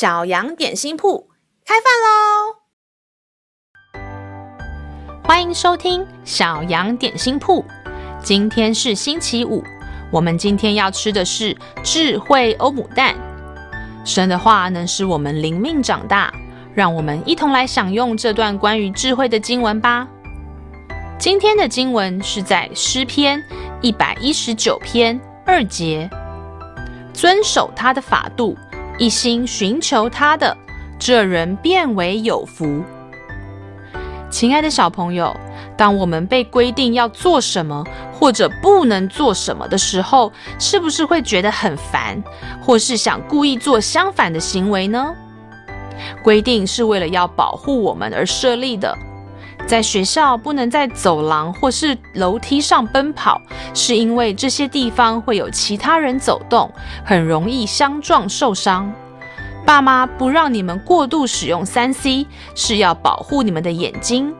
小羊點心鋪開飯嘍！歡迎收聽小羊點心鋪。今天是星期五，我們今天要吃的是智慧歐姆蛋。神的話能使我們靈命長大，讓我們一同來享用這段關於智慧的經文吧。今天的經文是在詩篇一百一十九篇二節，遵守他的法度。一心尋求他的這人，便為有福。親愛的小朋友，當我們被規定要做什麼或者不能做什麼的時候，是不是會覺得很煩，或是想故意做相反的行為呢？規定是為了要保護我們而設立的。在學校不能在走廊或是樓梯上奔跑，是因為這些地方會有其他人走動，很容易相撞受傷。爸媽不讓你們過度使用三 C，是要保護你們的眼睛。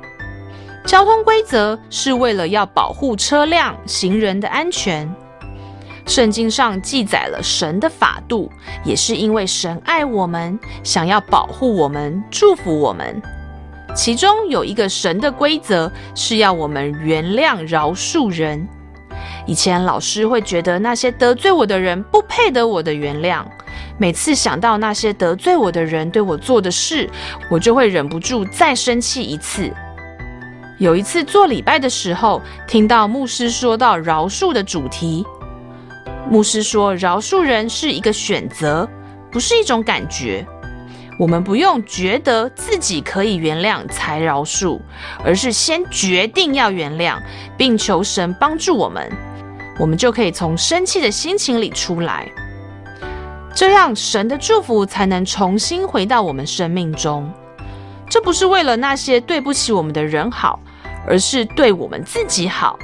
交通規則是為了要保護車輛、行人的安全。聖經上記載了神的法度，也是因為神愛我們，想要保護我們，祝福我們。其中有一個神的規則是要我們原諒饒恕人。以前老師會覺得那些得罪我的人不配得我的原諒，每次想到那些得罪我的人對我做的事，我就會忍不住再生氣一次。有一次做禮拜的時候，聽到牧師說到饒恕的主題，牧師說饒恕人是一個選擇，不是一種感覺。我們不用覺得自己可以原諒才饒恕，而是先決定要原諒，並求神幫助我們，我們就可以從生氣的心情裡出來，這樣神的祝福才能重新回到我們生命中。這不是為了那些對不起我們的人好，而是對我們自己好。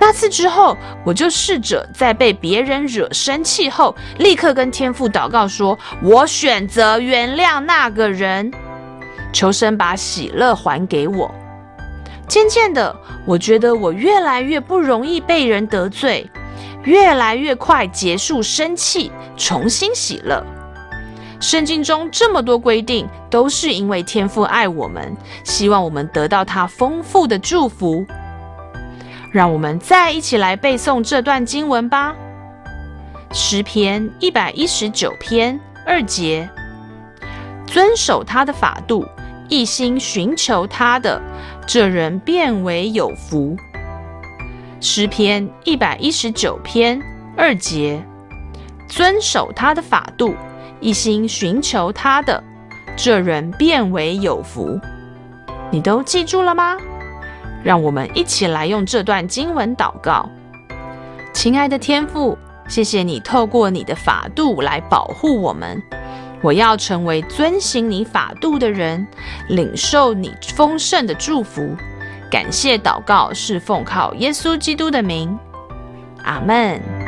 那次之後，我就試着在被別人惹生氣後，立刻跟天父禱告說：“我選擇原諒那個人，求神把喜樂還給我。”漸漸的，我覺得我越來越不容易被人得罪，越來越快結束生氣，重新喜樂。聖經中這麼多規定，都是因為天父愛我們，希望我們得到他豐富的祝福。讓我們再一起來背誦這段經文吧。詩篇一百一十九篇二節：遵守他的法度，一心尋求他的，這人便為有福。詩篇一百一十九篇二節：遵守他的法度，一心尋求他的，這人便為有福。你都記住了嗎？讓我們一起來用這段經文禱告，親愛的天父，謝謝你透過你的法度來保護我們。我要成為遵行你法度的人，領受你豐盛的祝福。感謝禱告是奉靠耶穌基督的名，阿們。